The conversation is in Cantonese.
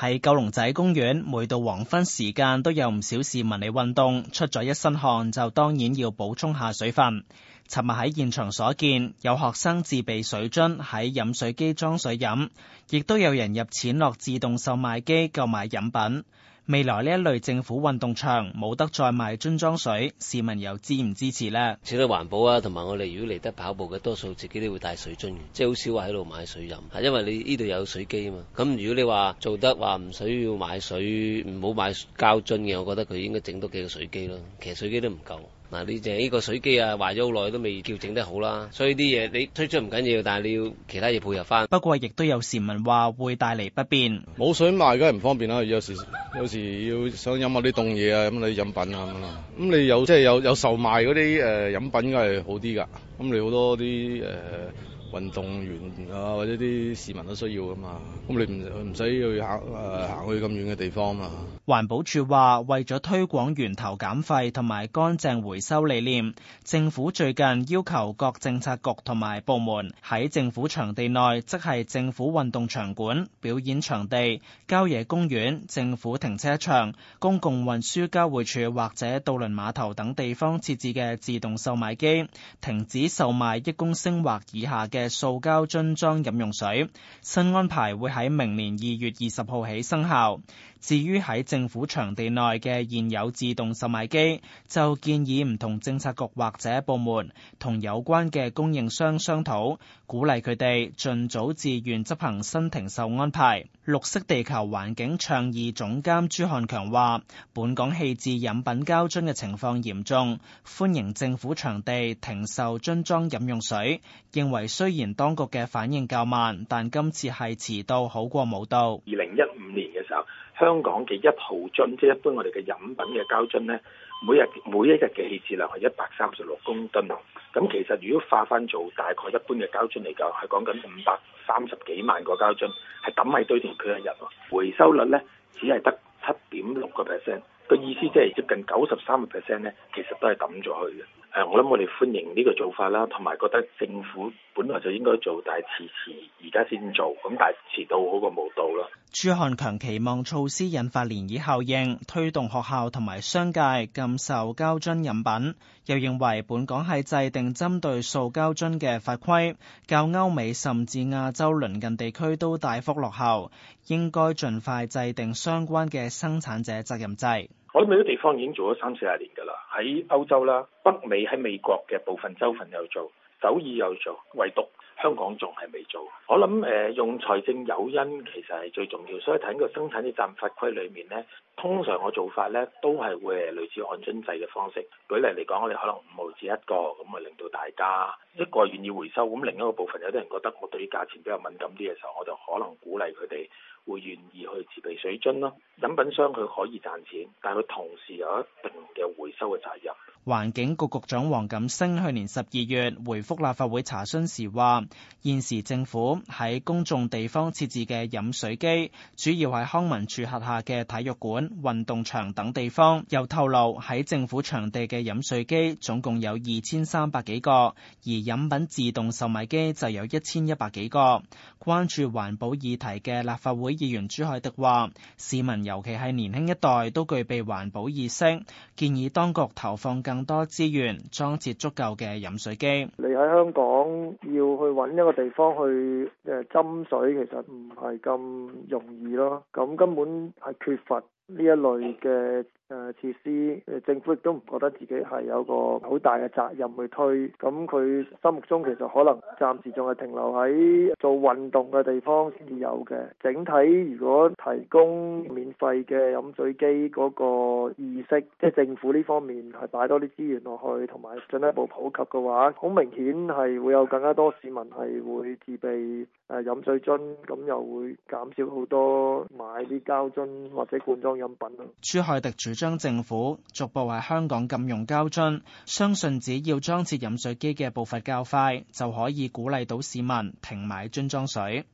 喺九龍仔公園，每到黃昏時間都有唔少市民嚟運動，出咗一身汗就當然要補充下水分。尋日喺現場所見，有學生自備水樽喺飲水機裝水飲，亦都有人入錢落自動售賣機購買飲品。未來呢一類政府運動場冇得再賣樽裝水，市民又支唔支持呢？始都環保啊，同埋我哋如果嚟得跑步嘅，多數自己都會帶水樽嘅，即係好少話喺度買水飲，因為你呢度有水機啊嘛。咁如果你話做得話唔需要買水，唔好買膠樽嘅，我覺得佢應該整多幾個水機咯，其實水機都唔夠。嗱，呢隻呢個水機啊，壞咗好耐都未叫整得好啦。所以啲嘢你推出唔緊要，但係你要其他嘢配合翻。不過亦都有市民話會帶嚟不便，冇水賣梗係唔方便啦。有時有時要想飲下啲凍嘢啊，飲啲飲品啊咁樣。咁你有即係有有售賣嗰啲誒飲品，梗係好啲噶。咁你好多啲誒。運動員啊，或者啲市民都需要噶嘛，咁你唔唔使去行誒行去咁遠嘅地方嘛。環保署話，為咗推廣源頭減廢同埋乾淨回收理念，政府最近要求各政策局同埋部門喺政府場地內，即係政府運動場館、表演場地、郊野公園、政府停車場、公共運輸交匯處或者渡輪碼頭等地方設置嘅自動售賣機，停止售賣一公升或以下嘅。嘅塑膠樽裝飲用水，新安排會喺明年二月二十號起生效。至於喺政府場地內嘅現有自動售賣機，就建議唔同政策局或者部門同有關嘅供應商商討，鼓勵佢哋盡早自願執行新停售安排。綠色地球環境倡議總監朱漢強話，本港棄置飲品膠樽嘅情況嚴重，歡迎政府場地停售樽裝飲用水。認為雖然當局嘅反應較慢，但今次係遲到好過冇到。二零一五年嘅時候，香港嘅一毫樽，即係一般我哋嘅飲品嘅膠樽咧，每日每一日嘅棄置量係一百三十六公噸。咁其實如果化返做大概一般嘅膠樽嚟講，係講緊五百三十幾萬個膠樽，係抌喺堆填區入。回收率咧，只係得七點六個 percent。個意思即係接近九十三個 percent 咧，其實都係抌咗去嘅。誒，我諗我哋歡迎呢個做法啦，同埋覺得政府本來就應該做，但係遲遲而家先做，咁但係遲到好過冇到啦。朱漢強期望措施引發漣漪效應，推動學校同埋商界禁售膠樽飲品，又認為本港喺制定針對塑膠樽嘅法規，較歐美甚至亞洲鄰近地區都大幅落後，應該盡快制定相關嘅生產者責任制。我諗有啲地方已經做咗三四十年㗎啦。喺歐洲啦、北美喺美國嘅部分州份有做，首爾有做，唯獨香港仲係未做。我諗誒用財政誘因其實係最重要，所以睇個生產啲站法規裏面呢，通常個做法呢都係會誒類似按樽制嘅方式。舉例嚟講，我哋可能五毫紙一個，咁啊令到大家一個願意回收，咁另一個部分有啲人覺得我對於價錢比較敏感啲嘅時候，我就可能鼓勵佢哋會願意。皮水樽咯，飲品商佢可以賺錢，但係佢同時有一定嘅回收嘅責任。環境局局長黃錦星去年十二月回覆立法會查詢時話，現時政府喺公眾地方設置嘅飲水機，主要係康文署轄下嘅體育館、運動場等地方。又透露喺政府場地嘅飲水機總共有二千三百幾個，而飲品自動售賣機就有一千一百幾個。關注環保議題嘅立法會議員朱凱迪話，市民尤其係年輕一代都具備環保意識，建議當局投放更。多資源，裝置足夠嘅飲水機。你喺香港要去揾一個地方去誒斟水，其實唔係咁容易咯。咁根本係缺乏呢一類嘅。誒設施，政府亦都唔覺得自己係有個好大嘅責任去推，咁佢心目中其實可能暫時仲係停留喺做運動嘅地方先至有嘅。整體如果提供免費嘅飲水機嗰個意識，即係政府呢方面係擺多啲資源落去，同埋進一步普及嘅話，好明顯係會有更加多市民係會自備誒飲水樽，咁又會減少好多買啲膠樽或者罐裝飲品啊。朱海迪將政府逐步係香港禁用膠樽，相信只要裝設飲水機嘅步伐較快，就可以鼓勵到市民停買樽裝水。